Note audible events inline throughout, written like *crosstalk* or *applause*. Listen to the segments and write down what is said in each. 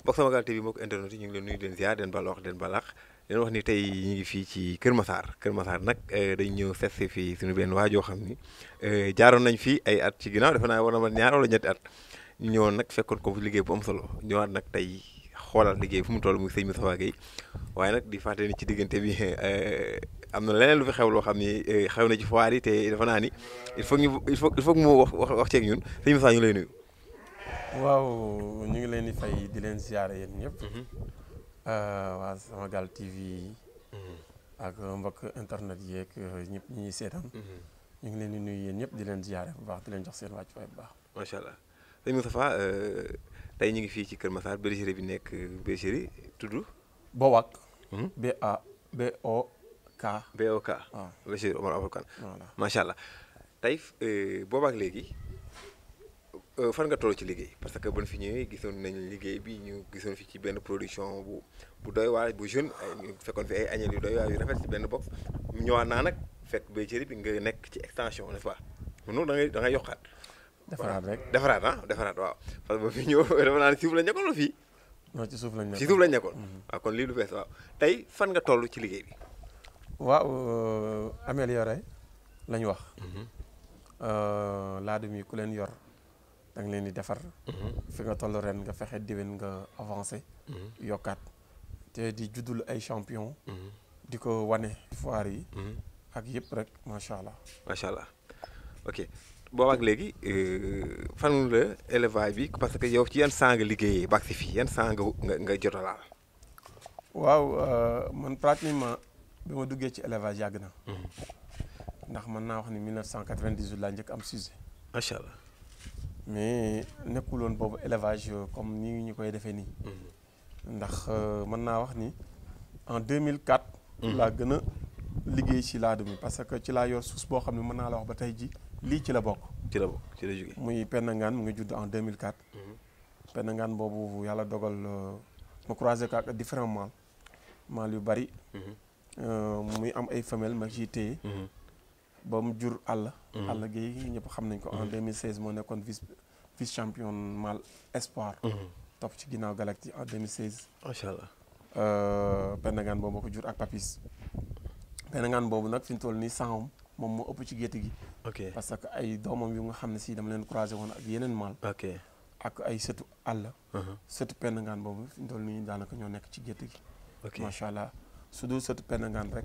Box Samagal TV mbokk internet ñu ngi leen nuyu ziar den bal den balax leen wax ni tey ñu ngi fii ci Kër Massar Kër Massar nag eh, dañ ñëw seetsi fii suñu benn waa joo xam ni eh, jaaroon nañ fii ay at ci ginnaaw defe naa war na ma ñaar ñetti at ñëwoon nag fekkoon ko liggéey bu am solo ñëwaat nag tey xoolal liggéey fu mu toll muy sëñ Moustapha Guèye waaye nag di fàtte ni ci diggante bi eh, am na leneen lu fi xew loo xam ni xew na ci foire yi te dafa naa ni il faut ñu il foog il mu wax wax wax ceeg ñun sëñ Moustapha ñu lay nuyu. waaw ñu ngi leen di fay di leen ziare yéen ñëpp. Mhm. Euh, waa Samagal TV yi mm-hmm. ak mbokk internet yeeg ñëpp ñi ñuy mm-hmm. ñu ngi leen di nuyu yéen ñëpp di leen ziyaare bu baax di leen jox seen wàccuwaay bu baax macha allah sëñ Moustapha euh, tey ñu ngi fii ci Kër Massar bergerie bi nekk bergerie tudd Bowak hmm? B A B O ah. macha allah tey euh, boobaak léegi Euh, fan nga toll ci liggéey parce que buñ fi ñëwee gisoon nañ liggéey bi ñu gisoon fii ci benn production bu bu doy waar bu jeune ay ñu fekkoon benn box ñëwaat naa nag fekk béykat bi nga nekk ci extension n'est-ce pas noonu da ngay da ngay yokkaat. defaraat rek defaraat ah defaraat waaw parce que ba fi ñëw *laughs* dafa naan suuf la nekkoon la fii. ci suuf lañ nekkoon ci suuf lañ nekkoon. waaw mhm. ah, kon lii lu bees waaw tey fan nga tollu ci liggéey bi. waaw euh, amélioré lañ wax. Mhm. Euh, laa dum ku leen yor. da nga leen di defar. Mhm. fi nga toll ren nga fexe déwén nga avancé. Mhm. yokkaat te di juddul ay champion. Mhm. di ko wane foire yi. ak yépp rek macha allah. macha allah ok booba ak léegi euh, fan la élevage bi parce que yow ci yan sang nga liggéeyee ba si fii yan sang nga nga jot a waaw euh, man pratiquement bi ma duggee ci élevage yàgg na. ndax mën naa wax ni 1998 laa njëkk am sujet. macha allah mais nous woon pas élevage comme ni nous mhm. euh, en 2004. Mhm. la liggéey parce que ci suis yor sous la wax ba ji la en 2004. Mhm. Pendangaan boobu yàlla dogal la euh, croisé de différents yu bari. Euh, muy am ay femelles ba jur àll. Allah gay ñep xam nañ ko. en 2016 mo nekkon vice vice champion mal espoir. Mm-hmm. top ci ginaaw Galaxy en 2016. macha allah. Pendangaan euh, boobu moo ko jur ak Papis. Pendangaan boobu nag fi ñu toll nii sangam moom moo ëpp ci gétt gi. ok parce que ay domam yu nga xam si dama leen croiser won ak yenen mal. ok ak ay sëtu àll. Mm-hmm. setu Pendangaan boobu fi ñu toll nii daanaka ñoo nekk ci gétt gi. ok machallah allah su dul sëtu rek.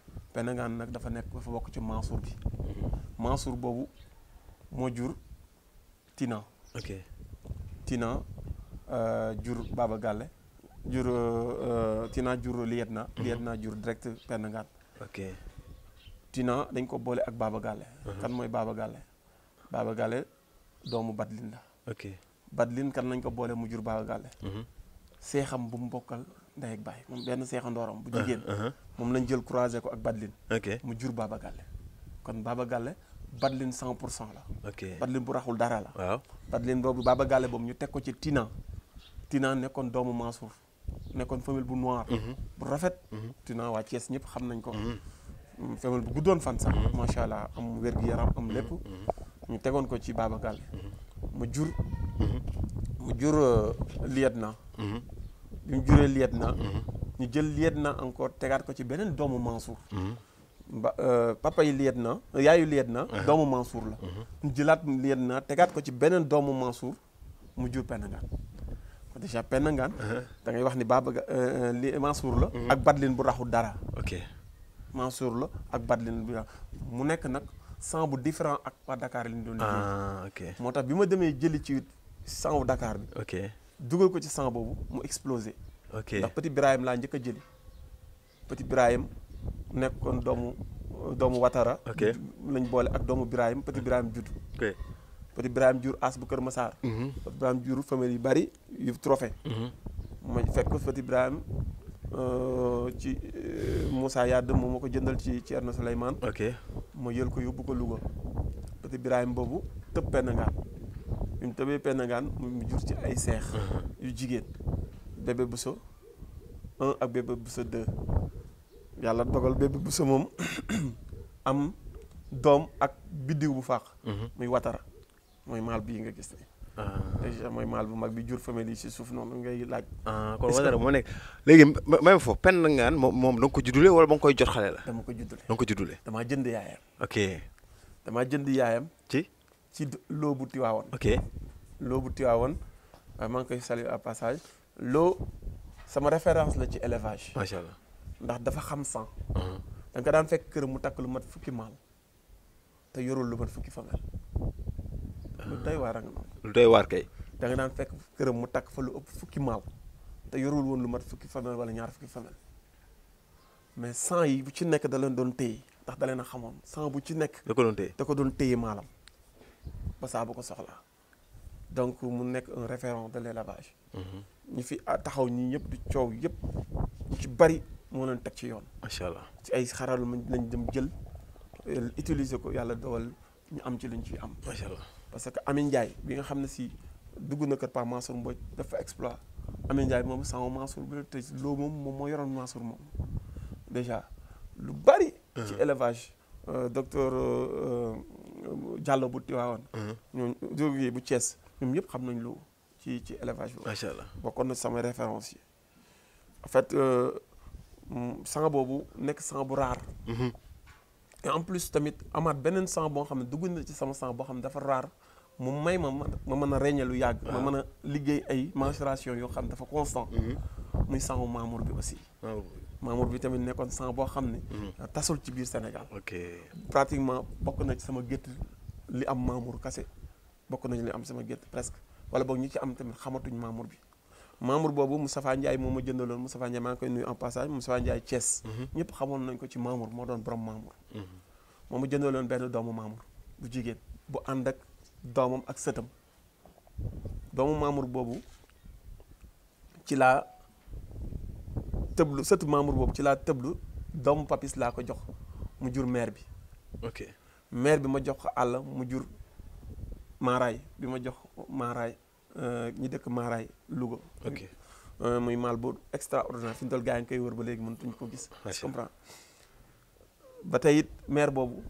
Penengaan nag dafa nekk fa bokk ci Mansour bi mm-hmm. Mansour boobu moo jur Tina. ok Tina euh, jur Baba Galle jur euh, Tina jur Lietna. Mm-hmm. Lietna jur direct Penengaan. ok Tina dañ ko boole ak Baba Galle. Uh-huh. kan mooy Baba Galle. Baba Galle doomu Badlin la. ok Badlin kan nañ ko boole mu jur Baba Galle. Mm-hmm. seexam bu mbokal bokkal ak ak mom ben benn ndorom bu ah, jigéen ah. mom lañ jël croiser ko ak Badlin mu jur Baba Galle kon Baba Galle Badlin 100% la ok Badlin bu raxul dara la waaw Badlin bobu Baba Galle boobu ñu teg ko ci Tina Tina nekkon doomu Mansour nekkon famille bu noir mhm. bu rafet mhm. Tina wa ties ñep xam nañ ko mhm. mm, famille bu guddoon fan sax macha allah am wér-gu-yaram am lepp ñu tegoon ko ci Baba Galle mu jur mu jur euh, Lietna bi mu juree liet mhm. ñu jël liet encore tegaat ko ci benen doomu Mansour mhm. ba euh, papa yi liet na yaayu liet na mhm. doomu Mansour la ñu jëlaat liet na ko ci benen doomu Mansour mu jur Penangaan déjà Penangaan da ngay wax ni baaba euh, euh, li Mansour la ak Badlin bu raxul dara ok Mansour la ak Badlin bu mu nekk nak sang bu différent ak waa Dakar li ñu doon ah ok motax bima demee jëli ci sangu Dakar bi ok dugul ko ci sang bobu mu explosé. ok ndax petit ibrahim la a petit ibrahim nekkon doomu doomu Watara. ok lañ bolé ak doomu ibrahim petit ibrahim petit as mhm. famille bari yu trophée. Mhm. ma fekk petit euh ci euh, Moussa Yad, qui est ci ok ma ko ko petit bi mu tëbee Pendangaan mu jur ci ay seex. Uh-huh. yu jigéen bébé Bousso un ak bébé Bousso deux yàlla dogal bébé Bousso moom *coughs* am doom ak biddiw bu faax. Uh-huh. muy watara mooy maal bii nga gis ne. Ah. déjà mooy maal bu mag bi jur famille yi si suuf noonu ngay laaj. Ah, kon watara moo nekk léegi même foofu Pendangaan moom moom da ko juddule wala ba nga koy jot xale la. dama ko juddule dama ko juddule. damaa jënd yaayam. ok. damaa jënd yaayam ci. ci loo bu Tiwaawoon. ok loo bu Tiwaawoon euh, maa ngi koy saluer à passage loo sama référence la ci élevage. macha allah ndax dafa xam sang. Uh-huh. da nga daan fekk kër mu tak lu mat fukki mal te yorul lu mat fukki famel lu doy war ak lu doy war kay. da nga daan fekk kër mu tak fa lu ëpp fukki mal te yorul won lu mat fukki famel wala ñaar fukki famel mais sang yi bu ci nekk da leen doon tey ndax da leen a xamoon sang bu ci nekk. da ko doon tey da ko doon téye maalam ba saa bu ko soxlaa donc mu nekk un référent de l'élevage ni mhm. fi ah, taxaw ni ñëpp du ciow yëpp ci bari mo leen tek ci yoon macha ci ay xaralu lañ dem jël euh, utiliser ko yalla dogal ñu am ci luñ ci am macha parce que amine Ndiaye bi nga xamne si dugg na kër Pa Mansour Mbodj dafa exploit amine Ndiaye mom sans Mansour bu te lo mom mom mo yoron Mansour mom déjà lu bari mhm. ci élevage euh, docteur euh, euh, Diallo bu Tiwaawan. Uh-huh. ñooñu jóge bu Thiès ñoom ñëpp xam nañ lu ci ci élevage boobu. macha allah bokkoon na sama référence yi en fait sang bobu nek sang bu raar. Uh-huh. et en plus tamit amaat benen sang bo xamne ne dugg na ci sama sang bo xamne dafa rare mu may ma ma mën a lu yàgg. ma uh-huh. mën liggéey ay mensuration yo xam dafa constant. muy sangu Mamour bi aussi. Mamour bi tamit nekkoon sang boo xam ne. Mm-hmm. tasul ci biir Sénégal. ok pratiquement bokk na ci sama gétt li am Mamour kase bokk nañ li am sama gétt presque wala boo ñi ci am tamit xamatuñ Mamour bi. Mamour boobu mu Moustapha Ndiaye moo ma jëndaloon Moustapha Ndiaye maa ngi koy nuyu en passage Moustapha Ndiaye Thiès. Mm-hmm. ñëpp xamoon nañ ko ci Mamour moo doon borom Mamour. Mm-hmm. moo ma jëndaloon benn doomu Mamour bu jigéen bu ànd ak doomam ak sëtam doomu Mamour boobu ci laa tëblu sëtu membre boobu ci laa tëblu doomu papis laa ko jox mu jur maire bi. ok maire bi ma jox ko àll mu jur maaraay bi ma jox maaraay euh, ñi dëkk maaraay Louga. ok euh, muy maal bu extraordinaire fi ñu gaa yi koy wër ba léegi mënatuñ ko gis. je comprends ba tey it maire boobu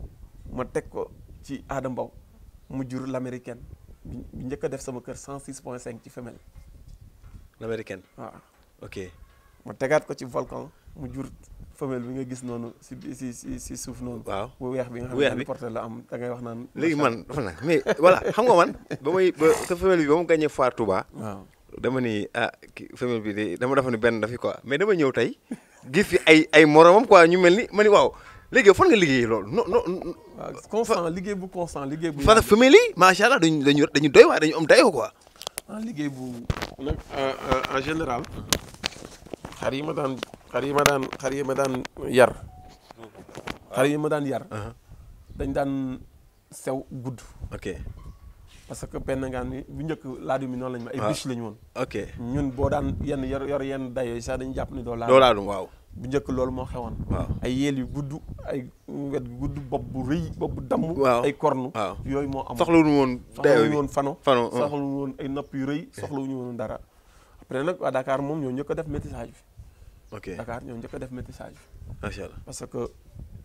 ma teg ko ci aada mbaw mu jur l'américaine bi njëkk a def sama kër 106 point 5 ci femelle. l'américaine waaw ma tegaat ko ci volcan mu jur femelle bi nga gis noonu si si si si suuf noonu. waaw weex bi nga xam ne porté la am da ngay wax naan. léegi man dafa na mais voilà xam nga man ba may ba te femelle bi ba mu gagné ni ah ki femelle bi de dama dafa ni benn dafi quoi mais dama ñëw tey gis fi ay ay moromam quoi ñu mel ni ma ni waaw. léegi fan nga liggéey loolu non non. liggéey bu constant liggéey bu. parce que femelle yi macha allah dañu dañu dañu doy waar dañu am dayoo quoi. Ah, liggéey bu. nag en général. Mm-hmm. xar yi ma daan yi ma xar ma daan yar xar yi ma daan yar ah. uh-huh. dañ daan sew gudd parce que benn ngaan ni bu njëkk laadum yi noonu lañ ma ay ah. biche lañu woon ok ñun boo daan yenn yor yor yenn day yooyu sax dañ jàpp ni doo laadum doo laadum bu njëkk loolu moo xewoon waaw ay yeel yu gudd ay wet gu gudd bopp bu rëy bopp bu damm ay kornu yooyu moo am soxlawuñu woon nu woon fano fano uh-huh. soxlawuñu woon ay nopp yu rëy ñu woon dara après nag waa Dakar moom ñoo njëkk a def métissage bi ok Dakar ñoo njëkk a def métissage bi. parce que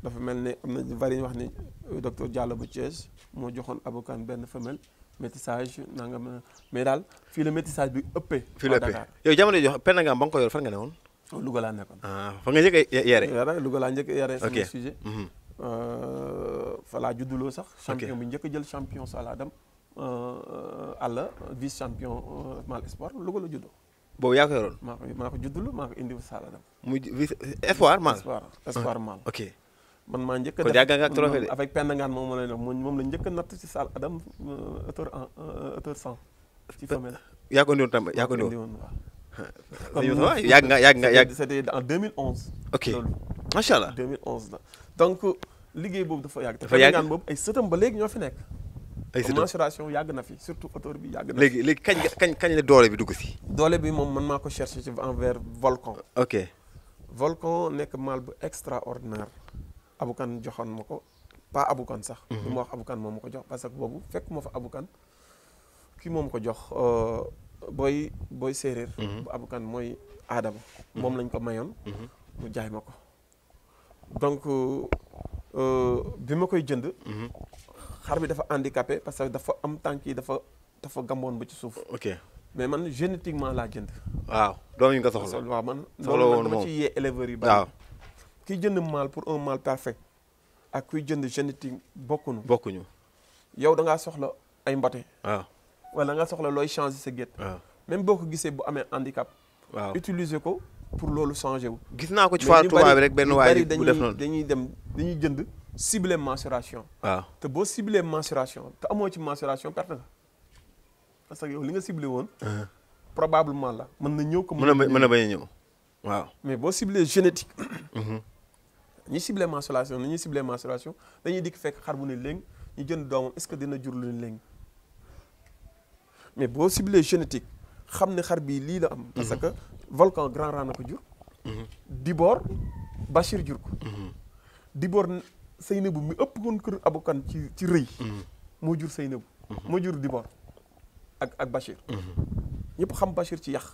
dafa mel ne am na bari ñu wax ni euh, docteur Diallo bu Thiès moo joxoon abokan benn femelle métissage nangam na mais daal fii la métissage bi ëppee. fii la ëppee yow jamono jox penn nga am ba nga ko yor fan nga ne woon. Oh, Louga laa Ah, fa nga njëkk a yare. yare Louga laa njëkk a yare. ok sama sujet. Mhm. Euh, fa la juddulo sax. champion bi njëkk jël champion dam euh àll vice champion euh, Mal sport Louga la juddou. boobu yaa ko yoroon. maa ko maa ko juddulu maa ko indi Saaladam. muy espoir mal espoir mal. ok man maa njëkk a. kon yàgg nga ak trophée de avec Penda moom lay doon moom la njëkk a natt ci Saaladam hauteur euh, un hauteur euh, cent. ci femelle. yaa ko indiwoon tam yaa ko indiwoon waaw. yàgg nga yàgg nga yàgg. c'était en 2011. ok macha allah 2011 la donc liggéey boobu dafa yàgg. dafa yàgg te Penda Ngane boobu ay sëtam ba léegi ñoo fi nekk. ay sëtëm mensuration yàgg na fi surtout auteur bi yàgg na. léegi léegi kañ kañ kañ la doole bi dugg si. doole bi moom man maa ko cherché ci envers volcan. ok volcan nekk mal bu extraordinaire. abukan joxoon ma ko pas abukan sax. du mhm. ma wax abukan moom ma ko jox parce que fekk ma fa abukan kii moom ko jox euh, booy booy séeréer. Mhm. bu abukan mooy aadama. Mhm. moom lañ ko mayoon. mu jaay ma ko donc euh, euh, bi ma koy jënd. xar bi dafa handicapé parce que dafa am tànk yi dafa dafa gamboon ba ci suuf. ok mais man génétiquement laa jënd. waaw doom yi nga soxla waaw man. soxla woon moom ci yee éleveurs yi. waaw kiy jënd mal pour un mal parfait ak kuy jënd génétique bokkuñu. bokkuñu yow da ngaa soxla ay mbate. waaw wala nga soxla looy changer sa gétt. waaw même boo ko gisee bu amee handicap. waaw utiliser ko pour loolu changer wu. gis naa ko ci faatu tubaab bi rek benn waay bu def noonu dañuy dem dañuy jënd cibler mensuration. waaw ah. te possible cibler mensuration te amoo ci mensuration perte parce que yow li nga ciblé ah. probablement la na mais génétique. Mhm. ñi ciblé mensuration ni dañuy ne ñu jënd est-ce que dina jur lu ne mais la génétique xar parce mhm. que volcan grand ran mhm. Dibor Bachir jur Dibor Seynabou mu ëpp woon kër Aboukane ci ci rëy. Mhm. moo jur Seynabou. Mhm. moo jur Dibor ak ak Bachir. Mhm. ñëpp xam Bachir ci yàq.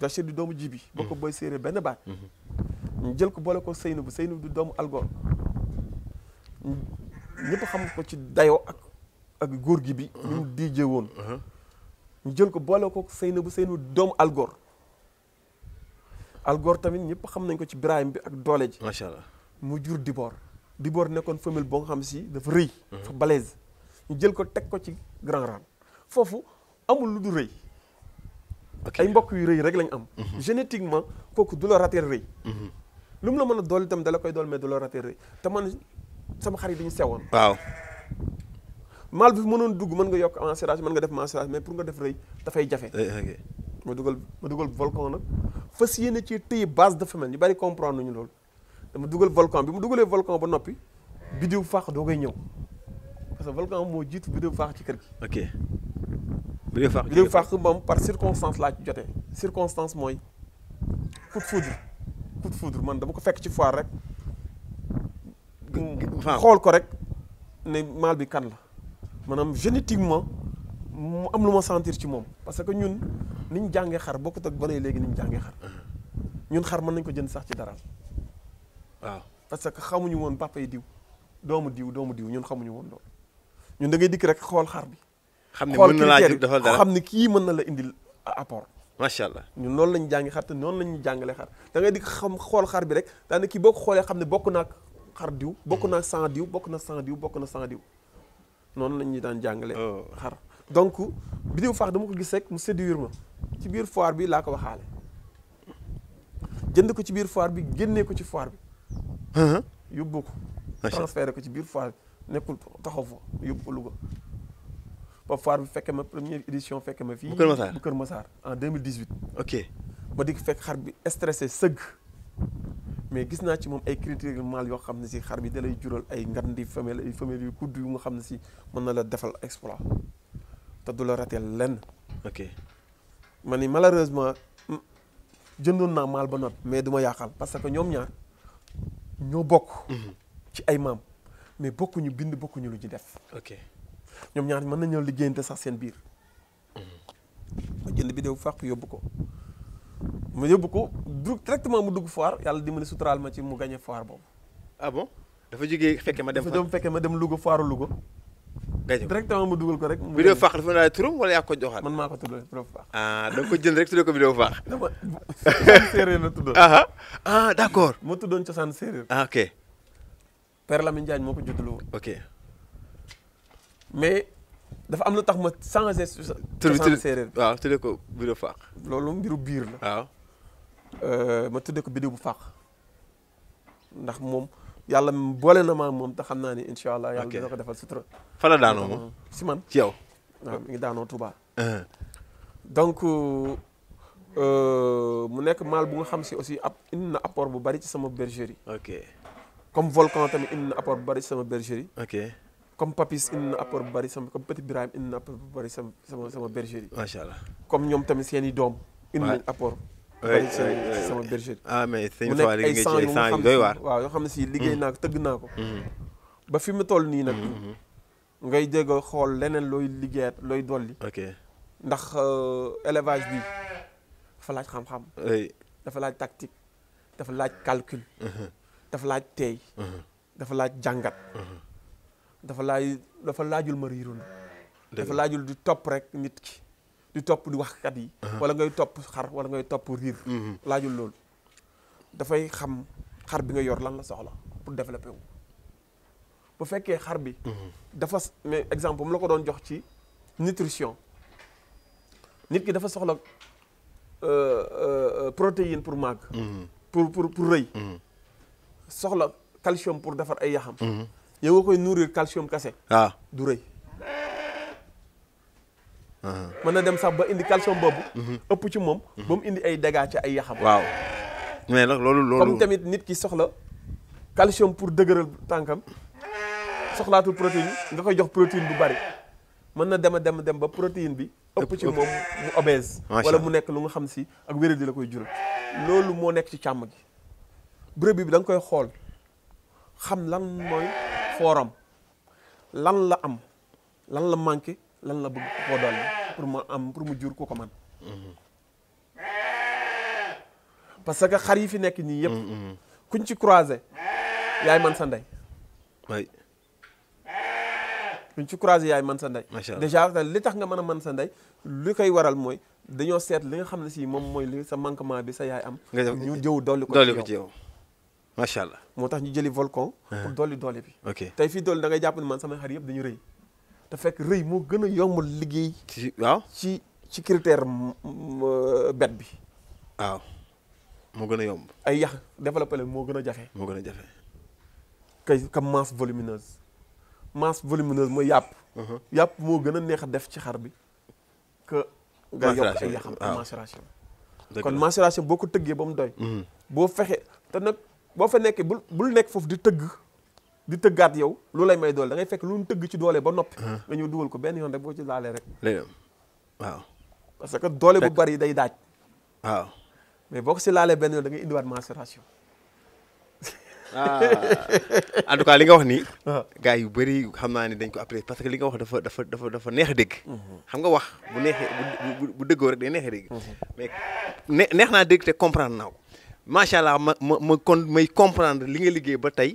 Bachir di doomu jibi boo ko booy séeré benn baat. ñu jël ko boole ko Seynabou Seynabou di doomu Algor. ñëpp xam ko ci dayoo ak ak góor gi bi. jël ko boole ko Seynabou Seynabou doomu Algor. Algor tamit ñëpp xam nañ ko ci Birahim bi ak doole ji. macha mu jur Dibor Dibor nekkoon femelle bo nga xam si dafa rëy. fa balèze ñu jël ko teg ko ci Grand Rane foofu amul lu du rëy. ay mbokk yu rëy rek lañ am. Mhm. génétiquement kooku du la rater rëy. Mhm. lu mu la mën a dool tam dala koy dool mais du la rater rëy te man sama xarit dañu sewoon. waaw. mal bi mënoon dugg mën nga yokk enserrage mën nga def enserrage mais pour nga def rëy dafay jafe. Eh, ma dugal ma dugal volcan nag fas yéene ci téye base de femelle ñu bari comprendre ñu loolu dama dugal volcan bi mu dougalé volcan ba nopi biddiw faax doo koy ñëw parce que volcan mo jitt biddiw faax ci kër gi. ok biddiw faax biddiw faax moom par circonstance la ci joté circonstance moy coup de foudre coup de foudre man dama ko fekk ci foire rek. xol ko rek né mal bi kan la manam génétiquement mu am luma sentir ci mom parce que ñun niñ ñu jàngee xar bokkut ak ba léegi niñ ñu jàngee xar uh-huh. ñun xar mën nañ ko jënd sax ci dara. waaw parce que xamuñu woon papa yi diw doomu diw doomu diw ñun xamuñu woon loolu ñun da dikk rek xool xar bi. xam ne mën na laa dafa dara xam ne kii mën na la indil apport. macha allah ñun loolu lañu jàngi xar te noonu lañu jàngalee xar da ngay dikk xam xool xar bi rek daanaka kii boo xoolee xam ne bokk naag xar diw. bokk naag sang diw bokk na sang diw bokk na sang diw noonu lañu daan jàngale oh. xar donc Bidew Fakh dama ko gis rek mu séduire ma ci biir foire bi laa ko waxaale ko ci biir foire bi génnee ko ci foire bi. Hein? yóbbu ko. transféré ko ci biir foire bi nekkul taxaw fa yóbbu ko bi fekke ma première édition fekke ma fii. bu Kër en 2018. ok ba di fekk xar bi stressé seug mais gis naa ci mom ay critères mal yo xam ci si xar bi da jural ay ngandi femelle ay femelle yu kudd yu nga xam mën na la defal exploit ta du la rateel lenn. ok mani malheureusement jëndoon na mal ba noppi mais du ma parce que ñom ñaar. ñoo bokk. Mhm. ci ay maam mais bokkuñu bind bokkuñu lu ci def. ok ñoom ñaar mën nañoo liggéeyante sax seen biir. Mhm. ma jënd bi dew fàq yóbbu ko ma yóbbu ko du directement mu dugg foire yàlla dimbali suturaal ma ci mu gagné foire boobu. ah bon dafa jógee fekke ma dem. dafa fekkee ma dem Louga foire Louga. gajo directement mu dugal ko rek. vidéo faax dafa naa turam wala yaa ko joxaat. man maa ko ah, da nga ko jël rek tuddee ko vidéo faax. *laughs* dama d' ah, ah. accord. moo tuddoon cosaan séeréer. ah ok. moo ko juddlu dafa am lu tax ma changé. tur bi cosaan séeréer bi waaw tuddee ko vidéo faax. loolu mbiru biir la. waaw. Euh, ma tuddee ko vidéo bu faax ndax moom. yalla boole na ma moom te xam naa ni incha allah yàlla dina ko defal sutura fa la daanoo moom si man ci yow waaw mi ngi daanoo Touba uh-huh. donc euh, mu nekk mal bu nga xam si aussi ab indi na apport bu bari ci sama bergerie ok comme volcan tamit indi na apport bu bari sama bergerie ok comme papis indi na apport bu bari sama comme petit Birahim indi na apport bu bari sama sama bergerie macha allah comme ñoom tamit seen i doom indi apport bay ci sama bergerie ah mais sëñ Fallou li nga ci sang yu doy waar waaw yoo xam ne si liggéey naa ko tëgg naa ko ba fi mu toll nii nag ngay dégg xool leneen looy liggéeyaat looy dolli ok ndax élevage bi dafa laaj xam-xam dafa laaj tactique dafa laaj calcul dafa laaj teey dafa laaj jàngat dafa laaj dafa laajul ma riirul dafa laajul di topp rek nit ki di top di waxkat yi wala ngay top xar wala ngay topp riir mhm. laajul da fay xam xar bi nga yor lan la soxla pour développer wu bu fekkee xar bi mhm. dafa mais exemple mu la ko doon jox ci nutrition nit ki dafa soxla euh, euh, protéine pour màgg mhm. pour pour pour rëy soxla calcium pour defar ay yaxam yow nga koy nourrir calcium kase ah. du rëy Uh-huh. mën na dem sax ba indi calcium boobu. Mm-hmm. ëpp ci moom. Mm-hmm. ba mu indi ay dégâts ci ay yaxam. waaw mais nag loolu loolu. comme tamit nit ki soxla calcium pour dëgëral tànkam soxlaatul protéine nga koy jox protéine bu bari mën na dem a dem ba protéine bi. ëpp ci moom mu nekk lu xam si ak wéradi la koy jural. loolu moo nekk ci càmm gi brebis bi da nga koy xool xam lan mooy fooram lan la am lan la manqué. lan la bëgg koo dolli pour mu am pour mu jur ku ko man parce que xar yi fi nekk nii yëpp kuñ ci croisé yaay man sa ndey waay kuñ ci croisé man sa ndey déjà li tax nga mën a man sa ndey li koy waral mooy dañoo seet li nga xam ne si moom mooy li sa manquement bi sa yaay am ñu jëw dolli ko dolli ko ci yow macha allah moo tax ñu jëli volcan uh-huh. pour dolli doole bi ok tey fii doole da ngay jàpp ne man samay xar yëpp dañu rëy te fekk rëy moo gën a yombal liggéey. ci waaw ci ci critère euh, bet bi. waaw moo gën a yomb. ay yax développé leen moo gën a jafe. moo gën a jafe. kay ka masse volumineuse masse volumineuse mooy yàpp. Uh-huh. yàpp moo gën a neex a def ci xar bi que. nga yokk ay yaxam macération kon macération boo ko tëggee ba mu doy. Mm-hmm. boo fexe te nag boo fa nekkee bul bul nekk foofu di tëgg. di tëggaat yow lu lay may doole da ngay fekk lu ñu tëgg ci doole ba noppi ah. nga ñëw dugal ko benn yoon rek boo ci laalee rek waaw parce que doole bu bari day daaj waaw mais boo ko si laalee benn yoon da ngay indiwaat mensuration ah. en tout cas li nga wax nii ah. gars yu bëri xam naa ne dañ ko apprécier parce que li nga wax dafa dafa dafa dafa neex dégg mhm. xam nga wax bu neexee bu dëggoo rek day neexee dégg mhm. neex naa dégg comprendre naa macha allah ma ma ma kon may comprendre li nga liggéey ba tey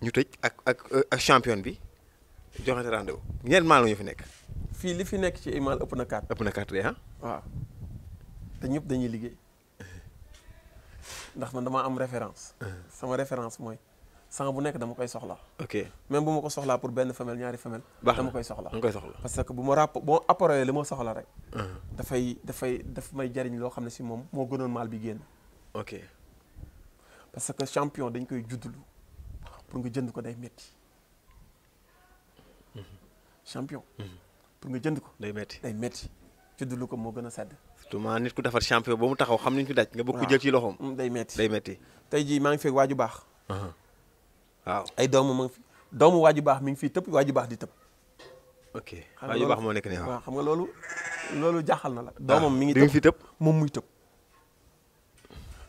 ñu tëj ak ak ak champion bi joxante rendez-vous ñeent maal ñu fi nekk. fii li fi nekk ci ay maal ëpp na quatre. ëpp na quatre de ah. waaw te ñëpp dañuy liggéey ndax man dama am référence. sama référence mooy sang bu nekk dama koy soxla. ok même bu ma ko soxlaa pour benn femelle ñaari femelle. dama koy soxla dama koy soxla. parce que bu ma rapp boo appareillé li ma soxla rek. Uh-huh. dafay dafay dafa may jariñ loo xam ne si moom moo gënoon maal bi génn. ok parce que champion dañ koy juddlu. pour nga jënd ko day metti champion. pour jënd ko. day metti day metti juddu ko moo gën a sedd. surtout maa nit ku defar champion ba mu taxaw xam nañ fi daj. nga bëgg ko jël ci loxoom. Mm, day metti day metti tey jii maa ngi fekk waaju baax. Uh-huh. waaw ay doomu ma ngi doomu waaju baax mi ngi fii tëb waaju baax di tëb. ok waaju baax moo nekk ne waaw xam nga loolu. loolu jaaxal na la. Ah. doomam mi ngi tëb moom muy tëb.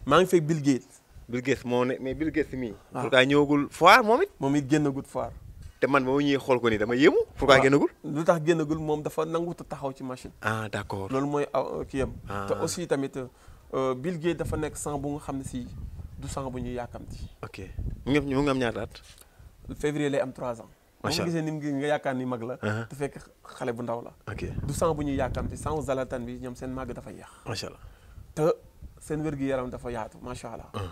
maa ngi fekk Bill Gates Bill Gates moo ne mais Bill Gates mii. waaw pourquoi ñëwagul foire moom it. moom it génnagul foire. te man moo ñuy xool ko ni dama yéemu. waaw pourquoi génnagul. lu tax génnagul moom dafa nanguta taxaw ci machine. ah d' accord loolu mooy kii yam. te aussi tamit Bill Gates dafa nekk sang bu nga xam ne si du sang bu ñuy yàkkamti. ok mu ngi am ñaata at. février lay am 3 ans. macha allah gisee ni nga yaakaar ni mag la. te fekk xale bu ndaw la. ok du sang bu ñuy yàkkamti sangu zalatan bi ñoom seen màgg dafa yéex. macha allah te seen wér-gu-yaram dafa yaatu macha allah.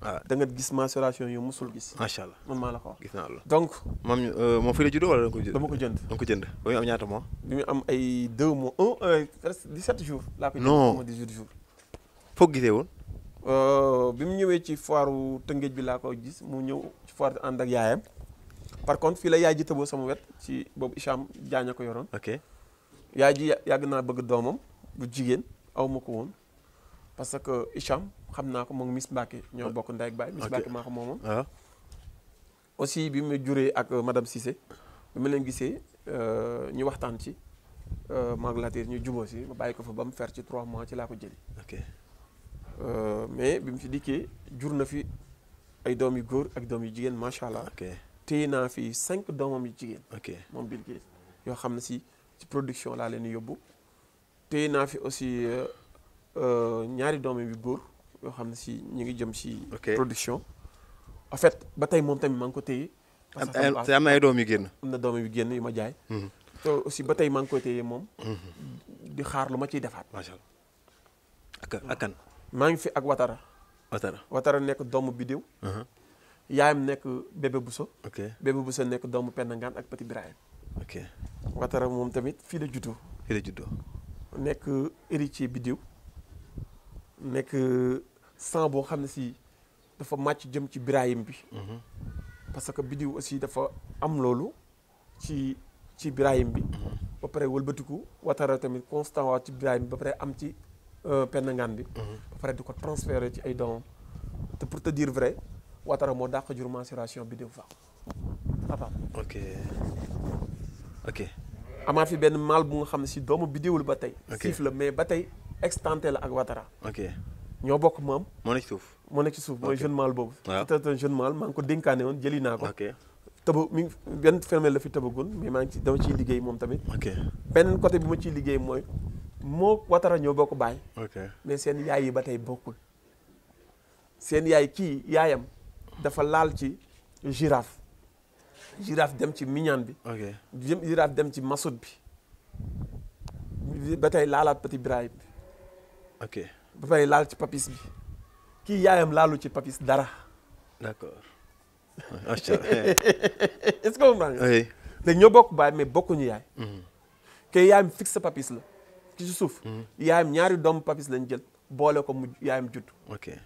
waaw ah. da nga gis mensuration yu musul gis. macha allah man maa la ko wax. gis naa loolu donc. moom euh, moom fii la juddoo wala da nga ko jënd dama ko jënd. da am ay 2 mois euh, jours. laa ko jënd ma gisee woon. Euh, bi mu ñëwee ci foiru Tëngéej bi laa ko gis mu ñëw ci foire ànd ak yaayam par contre fii la yaay ji tëboo sama wet ci boobu Icham jaaña ko yoroon. ok yaay ji yàgg naa bëgg doomam bu jigéen aw ko woon parce que Icham. xam naa ko moom Miss Mbacke ñoo ah, bokk ndey ak baay Miss Mbacke maa ko moomoon ah. aussi bi ma juree ak euh, madame Cissé bi ma leen gisee euh, ñu waxtaan ci euh, maag latir ñu jubóo si ma bàyyi ko fa ba mu fer ci trois mois ci laa ko jëli mais bi mu fi dikkee jur na fi ay doom yu góor ak doom yu jigéen macha allah téye naa fi cinq doomam yu jigéen moom Bill Gates yoo xam ne si ci production laa leen yóbbu téye naa fi aussi ñaari doomam yu góor yoo xam ne si ñu ngi jëm si. production. a fait ba tey moom tamit maa ngi ko téye. parce que am na ay doom yu génn. am na doom yu génn yu ma jaay. te mhm. aussi ba tey maa ngi ko téye moom. Mhm. di xaar lu ma ciy defaat. macha ak kan. maa ngi fi ak Watara. Watara Watara nekk doomu Bidiw. Mhm. yaayam nekk bébé Bousso. ok bébé Bousso nekk doomu Penda Ngane ak Petit Birahim. ok moom tamit fii la juddoo. fii la juddoo. nekk héritier Bidiw nekk. sang boo xam ne si dafa màcc jëm ci Birahim bi. Mhm. parce que biddiw aussi dafa am loolu ci ci Birahim bi. Mhm. ba pare wëlbatiku watara tamit constant waa ci Birahim bi ba pare am ci euh, penn ngaan bi. Mhm. ba pare di ko transféré ci ay doomam te pour te dire vrai watara moo dàq jur mensuration biddiw faax papa. ok ok. amaat fi benn maal bu nga xam ne si doomu biddiwul ba tey. siif la mais ba tey extanté la ak watara. ñoo bokk maam. moo nekk ci suuf moo nekk suuf mooy jeune mâle boobu. waaw c'est un jeune mâle maa ko dénkaane woon jëli naa ko. tëba mi benn phénomène la fi tëbagun mais maa ngi ci dama ciy liggéey moom tamit. ok benn côté bi ma ciy liggéey mooy moo watara ñoo bokk baay. mais seen yaay yi ba tey bokkul. seen yaay kii yaayam dafa laal ci girafe girafe dem ci miñaan bi. ok girafe dem ci masut bi ba tey laalaat petit Ibrahim bi. ba pare laal ci papis bi kii yaayam laalu ci papis dara. d'accord macha allah *laughs* est-ce que ñoo bokk baay mais bokkuñu yaay. kii mm-hmm. yaayam fixe papis la ki ci suuf. Mm-hmm. yaayam ñaari doomu papis lañ jël boole ko mu yaayam judd. ok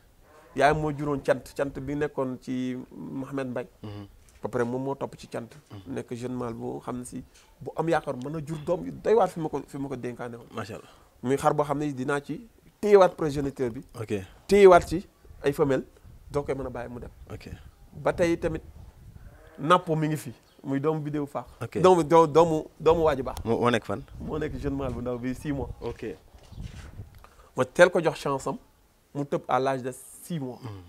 yaayam moo juróon cant cant bi nekkoon ci Mouhamed Mbaye. Mm-hmm. ba pare moom moo topp ci cant. nekk jeune mâle boo xam ne si bu am yaakaar mën a jur doom yu doy waar fi ma ko fi ma ko dénkaane woon. macha allah muy xar boo xam ne dinaa ci. téyewaat progéniteur bi. téyewaat ci ay a mu dem. ba tey tamit napp mi ngi fi muy doomu vidéo faax. doomu doomu doomu baax. fan. moo nekk jeune mâle bu ndaw bi six mois. ok ma tel ko jox chance à l'âge de six mois. Hmm.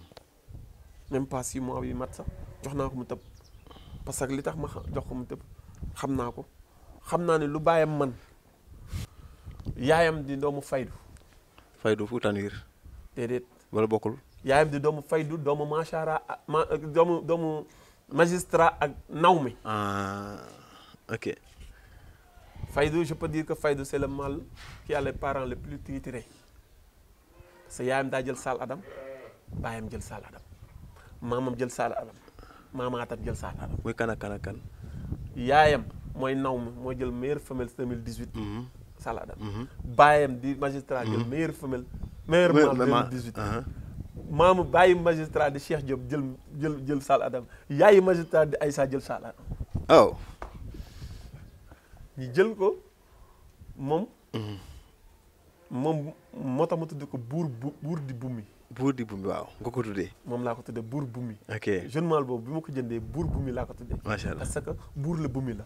même pas six mois bi mat jox naa parce que li tax ma jox ko xam xam lu man Faidou, wala di magistrat ak ah ok. je peux dire que Faidou c'est le mal qui a les parents les plus titrés C'est yaayam da jël Adam bayam jël sal Adam Mamam jël sal Adam jël sal Adam. muy kan ak jël meilleure 2018. Sall Adam mhm. baayam di magistrat jël mhm. meilleur femelle meilleur mâle 2018 uh-huh. maamu bàyyi magistrat di Cheikh Diop jël jël jël Sall Adam yaayi magistrat di Aïssa jël Sall Adam waaw oh. ñu jël ko moom mhm. moom moo tax ma tudd ko buur bu buur di bummi buur di bummi waaw nga ko tuddee moom laa ko tuddee buur bummi ok jeune mâle boobu bi ma ko jëndee buur bummi laa ko tuddee macha allah parce que buur la bummi la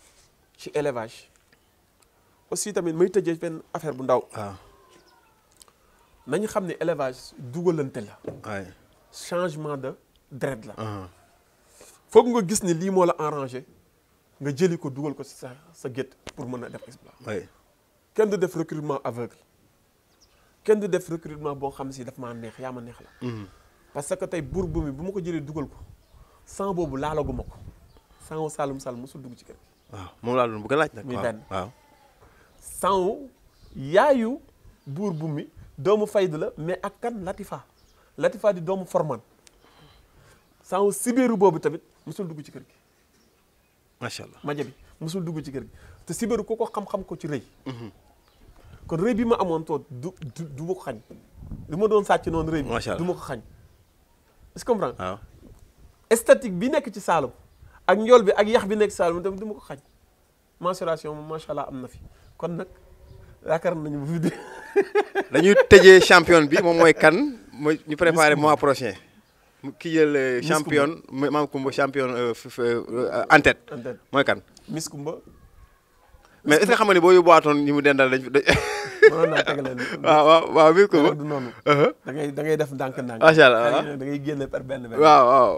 ci élevage aussi tamit may tëjee benn affaire bu ndaw. waaw ah. nañu xam ne élevage dugalante la. changement de dret la. Ah. foog nga gis ne lii moo la arrangé nga jëli ko dugal ko sa sa gétt pour mën a def exploit. waay kenn du def recrutement aveugle kenn du def recrutement boo xam si daf ma neex yaa ma neex la. Mm-hmm. parce que tey buur bu mi bu ma ko jëlee dugal ko sang boobu laalaguma ko sangu Saalum Saalum mosul dugg ci kër gi. waaw moom laa doon bëgg laaj nag. muy benn waaw sanwu yaayu buur bu mi doomu faydu la mais ak kan latifa latifa di doomu forman sanwu sibéeru boobu tamit musul dugg ci kër gi. macha allah maja bi musul dugg ci kër gi te sibéeru ku ko xam-xam ko ci rëy. Mhm. kon rëy bi ma amoon too du du du ma ko xañ. li ma doon sàcc noonu rëy bi. macha allah du ma ko xañ. est bi nekk ci Saalum. ak njool bi ak yax bi nekk Saalum dem du ma ko xaj mensuration moom macha allah am na fi kon nag yaakaar nañu bu fi *laughs* dañuy tëjee champion bi moom mooy kan mooy ñu préparé mois prochain. ki jël euh, champion maam Kumba champion euh, euh, en tête. en tête mooy kan. Miss Kumba. mais est-ce que xam nga ni boo yóbbuwaatoon ñi mu dendal dañ. *laughs* mënoon naa *laughs* waaw waaw uh-huh. da ngay da ngay def ndànk-ndànk. macha allah da ngay génne par benn benn. waaw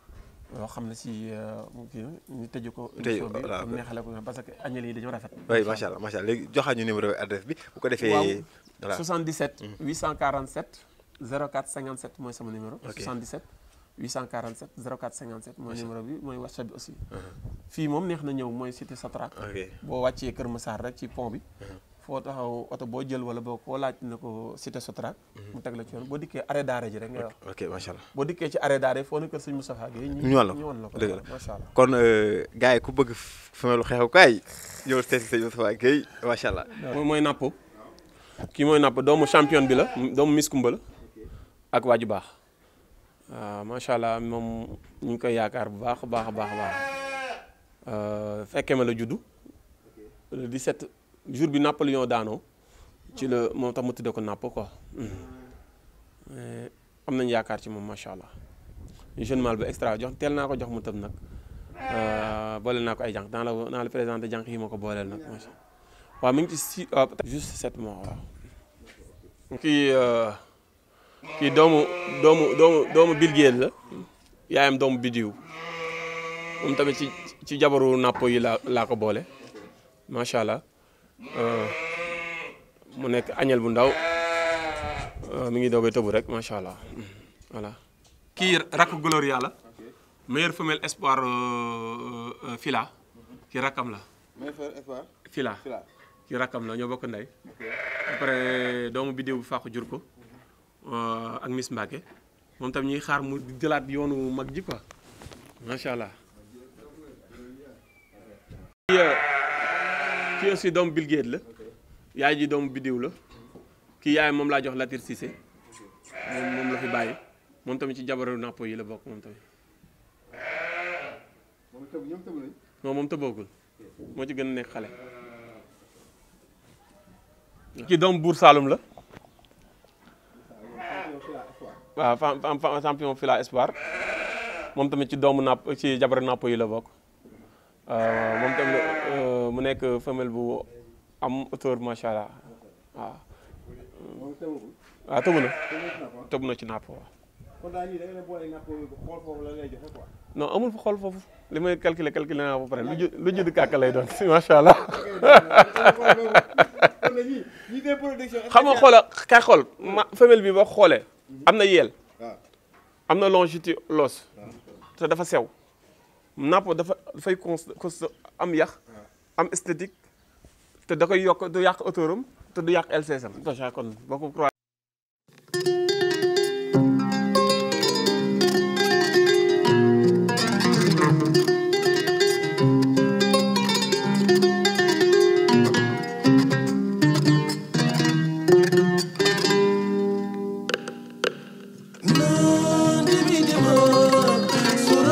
loo xam ne si euh, kii ñu tëj ko. tëj ko que añel rafet. oui macha allah macha allah léegi joxaat ñu numéro adresse bi bu ko defee. voilà 77. 847. 04 57 mooy sama numéro. 77. 847 04 57 mooy numéro bi mooy whatsapp bi aussi. Uh-huh. fii moom neex na ñëw mooy cité Satra. boo wàccee Kër Massar rek ci pont bi. Uh-huh. foo taxaw oto boo jël wala boo koo laaj na ko cité Sotrac mhm. mu teg la ci yoon boo dikkee arrêt daara ji rek ngay wax ok macha allah boo dikkee ci arrêt daara yi foo ne kër sëñ Moustapha Gueye ñu ko dëgg la euh, yi ku bëgg fi melu xeexu kaay yow seeti sëñ Moustapha Gueye macha mooy napp kii mooy napp doomu champion bi la doomu Miss Kumba la ak waaju baax waaw macha allah moom ñu ngi koy yaakaar bu baax baax baax baax euh, fekkee ma la juddu le 17 jour bi Napoléon daanoo ci la moo tax mu tuddee ko napp quoi eh, am nañ yaakaar ci moom macha allah jeune mâle bu extra jox teel naa ko jox mu tëb nag euh, boole naa ko ay jànq dans la dans le présenté jànq yi ma ko booleel nag macha allah waaw mi ngi ci si juste sept mois waaw. Euh, kii doomu doomu doomu doomu Bill Gates la yaayam doomu biddiw moom tamit ci ci jabaru napp yi laa laa ko boole macha allah. Euh, mu nekk añel bu ndaw euh, mu ngi doog a tëbu rek macha allah hmm, voilà. kii rakk yàlla euh, la meilleure femelle espoir Fila ki rakkam la. meilleure Fila ki rakkam la ñoo bokk ndey. après doomu bidéew bu fàqu jur ko ak Miss Mbacke moom tam ñuy xaar mu jëlaat yoonu mag ji quoi allah. kii aussi doomu Bill Gates la yaay ji doomu biddiw la kii yaay moom laa jox Latir Cissé moom moom la fi bàyyi moom tamit ci jabaru nappo yi la bokk moom tamit non moo ci gën xale kii doomu buur Saalum la tamit ci doomu napp ci jabaru nappo yi la bokk euh, moom tamit Euh, mu nekk femelle bu am hauteur macha allah waaw. waaw ah, tëb na tëb ci napp waaw. foofu amul fa foofu li may calculer calculer naa lu lu judd kàkka lay doon *laughs* macha allah. *laughs* xam nga xoola kay xool ma bi ba xoolee. am na yeel. am na longitude los. Ah. te dafa sew. napp dafa dafay cons am yax. am esthétique te da koy yokk du yàq autoram te du yàq LCS am.